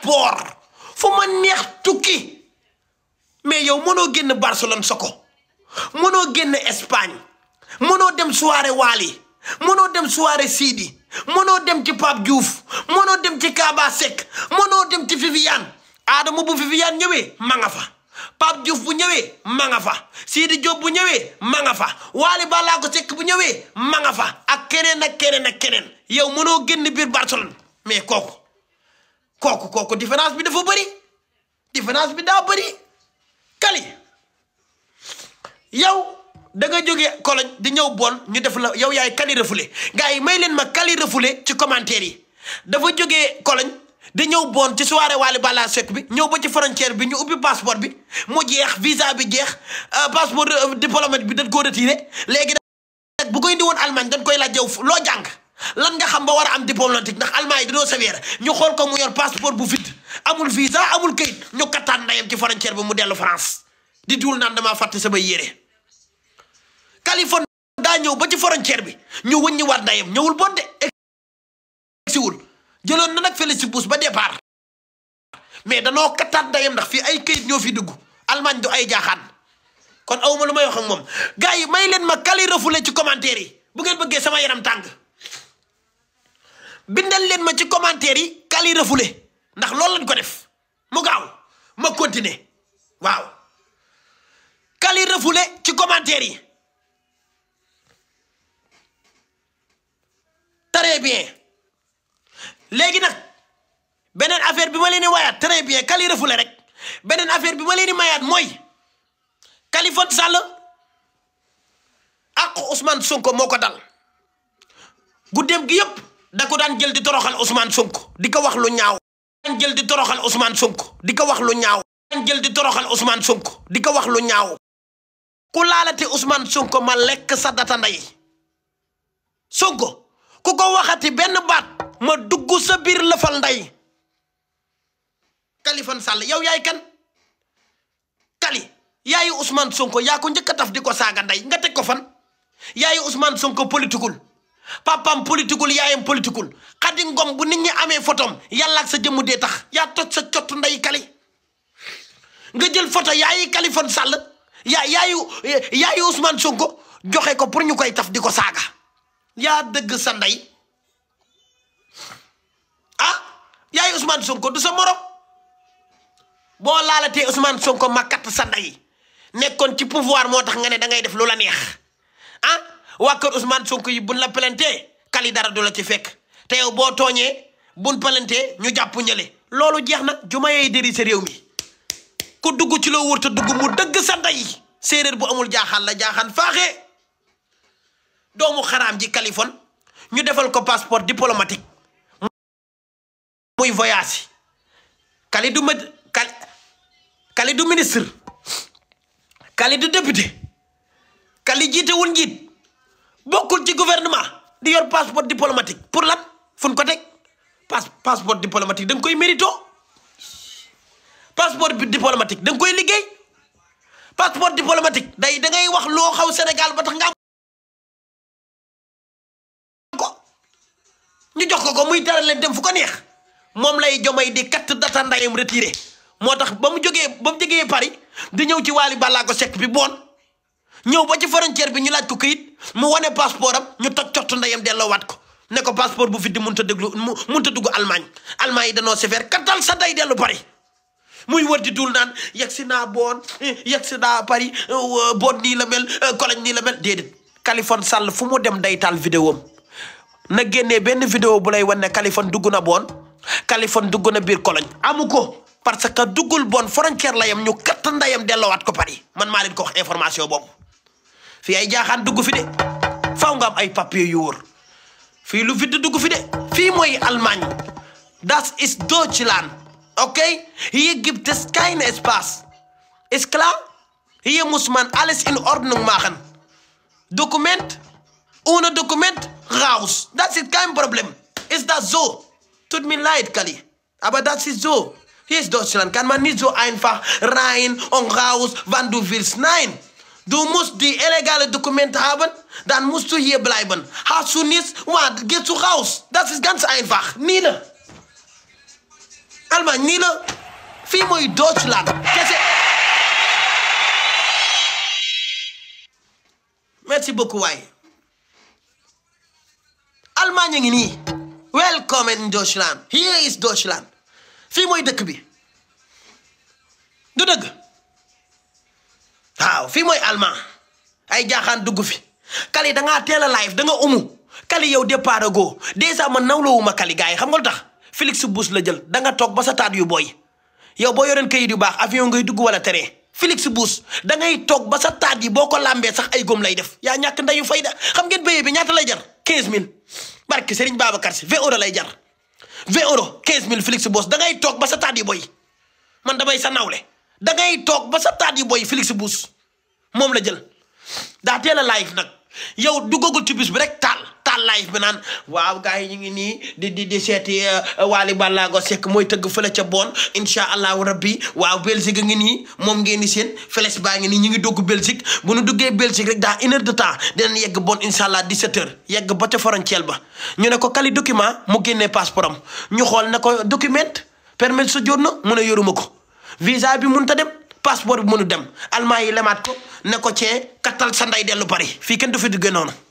passeport fu ma neex tukki mais yow mënoo génn Barcelone soko mënoo génn Espagne mënoo dem soirée Waly mënoo dem soirée Sidi mënoo dem ci Pape Diouf mënoo dem ci Kaba Seck mënoo dem ci Viviane Adama bu Viviane ñëwee ma nga fa Pape Diouf bu ñëwee ma nga fa Sidi Diop bu ñëwee ma nga fa Waly ko sekk bu ñëwee ma nga fa ak keneen ak keneen ak keneen yow mënoo génn biir Barcelone mais kooku kooku kooku différence bi dafa bëri différence bi daa bëri kali yow da nga jógee Cologne di ñëw bon ñu def la yow yaay Kali Refoulé gars yi may leen ma Kali Refoulé ci commentaire yi dafa jóge Cologne di ñëw bon ci soirée Wally Balla Seck bi ñëw ba ci frontière bi ñu ubbi passeport bi mu jeex visa bi jeex euh, passeport euh, diplomate bi dañ koo retiré léegi nag bu koy indi woon Allemagne dañ koy la yow loo jàng lan nga xam ba war a am diplomatique ndax almaa yi dañoo sévère ñu xool ko mu yor passeport bu vide amul visa amul kayit ñu kattaan ndayam ci frontière bi mu dellu France di duul naan damaa fàtte sama yére Californie daa ñëw ba ci frontière bi ñu wëññiwaat ndayam ñëwul bon de egsiwul na nag Félix Pouce ba départ mais danoo kattaan ndayam ndax fii ay kayit ñoo fi dugg Allemagne du ay jaaxaan kon awma lu may wax moom gars yi may leen ma kali refoulé ci commentaire yi bu ngeen sama yaram tàng bindal leen ma ci commentaire yi kali refoulé ndax loolu lañ ko def mu gaaw ma continé waaw kali refoulé ci commentaire yi très bien léegi nag beneen affaire bi ma leen di waayaat très bien kali refoulé rek beneen affaire bi ma leen di mayaat mooy Khalifa Sall ak Ousmane Sonko moo ko dal guddeem gi yëpp. da ko daan jël di toroxal Ousmane Sonko di ko wax lu ñaaw. daan jël di toroxal ko wax lu ñaaw. daan jël di toroxal di ko wax lu ñaaw. ku laalati Ousmane Sonko ma lekk sa data ndey Sonko ku ko waxati benn baat ma dugg sa biir lëfal ndey Kalifone Sall yow yaay kan Kali yaayu Ousmane Sonko yaa ko njëkk taf di ko saaga ndey nga teg ko fan yaayu Ousmane Sonko politikul papam politikul yaayam politikul xadi ngom bu nit ñi amé photom yalla ak sa jëm dé tax ya tot sa ciot nday kali nga jël photo yaayi Kalifon Sall ya yaayu yaayu usman Sonko joxé ko pour taf di saga Ya deug sa nday ah yaayu usman Sonko du sa morom bo laalaté Usman Sonko ma katt sa nday nekkon ci pouvoir motax nga né da ngay def lula neex ah waa kër Ousmane Sonko yi buñ la plantee kali dara du la ci fekk te yow boo tooñee buñ plantee ñu jàpp ñële loolu jeex na juma yee dëri réew mi ku dugg ci loo wër dugg mu dëgg sa séeréer bu amul jaaxaan la jaaxaan faaxee doomu xaraam ji Kaliphone ñu defal ko passeport diplomatique muy voyage kali du mét kali ministre kali du député kali jiite wul njiit bokkul ci gouvernement di yor passeport diplomatique pour lan fun ko teg pass passeport diplomatique da koy mérito passeport bi diplomatique da koy liggéey passeport diplomatique day da ngay wax loo xaw Sénégal ba tax nga am jox ko ko muy tere leen dem fu ko neex moom lay jomay di kat data ndayam retiré moo tax ba mu jógee ba mu jógee Paris di ñëw ci Wally Ballago Seck bi boon ñëw ba ci frontière bi ñu laaj ko këyit mu woné passeportam ñu tok toj ndayam delo wat ko ne ko passeport bu di munta deglu munta dugg Allemagne Allemagne sévère katal sa day delu Paris muy wër di dul nan yegg si bon boon Paris euh, bon ni la mel euh, colagne ni la mel dedet Californie sal fu mu dem day tal vidéo na génné ben vidéo bu lay wone Californie Kaliphone na bon Kaliphone dugg na bir Cologne amu parce que dugul bon frontière la yam ñu kat ndayam wat ko Paris man ma leen ko wax information bobu fii ay jaaxaan dugg fi de faw nga am ay papier yu wóor fii lu vide dugg fi de fii mooy Allemagne das ist Deutschland okay hier gibt es keinen Spaß ist klar hier muss man alles in Ordnung machen Dokument ohne Dokument raus das ist kein Problem ist das so tut mir leid Kali aber das ist so hier ist Deutschland kann man nicht so einfach rein und raus wann du willst nein Du musst die illegale Dokumente haben, dann musst du hier bleiben. Hast du nichts, warte, gehst du raus. Das ist ganz einfach. Nina. Alma, Nina, wie in Deutschland. Merci beaucoup, Wai. Allemagne ngi Welcome in Deutschland. Hier ist Deutschland. fii in dëkk bi du dëgg. waaw fi moy allemand ay jaaxaan dugg fi kali da ngaa teel live da umu kali yow départ desa dèjà man nawloowu kali gay? Kamu xam nga Subus tax Félix talk la jël da nga toog ba sa yu boy yow boo yoreen kayit wala tere Félix Subus, da ngay toog ba sa taat yi boo ko sax ay gom lay def yaa ñàkk ndayu fayda xam ngeen béyee bi ñaata lay jar 15000 barke Serigne Babacar si 20 euros lay jar 20 euros 15000 Félix Buus da ngay ba sa da ngay tok ba sa tadi boy felix bous mom la jël da teel live nak yow gogul ci bis bi rek tal tal live bi nan waaw gaay ñi ngi ni di di di wali eh, Waly Ballago sék moy teug fele ca bon insha allah rabbi waaw Belgique ngi ni mom ngeen ni seen feles ba ngi ni ñi ngi dugg Belgique bu nu duggé Belgique rek da une heure de temps dinañ yegg bon insha allah 17h yegg ba ca frontière ba ñu ne ko kali document mu génné passeportam ñu xol ne ko document permis de séjour mu ne yoruma ko. visa bi mun ta dem passeport bi mënu dem almaa yi lemaat ko ne ko cee kattal sa ndey dellu Paris fii kenn du fi duggee noonu.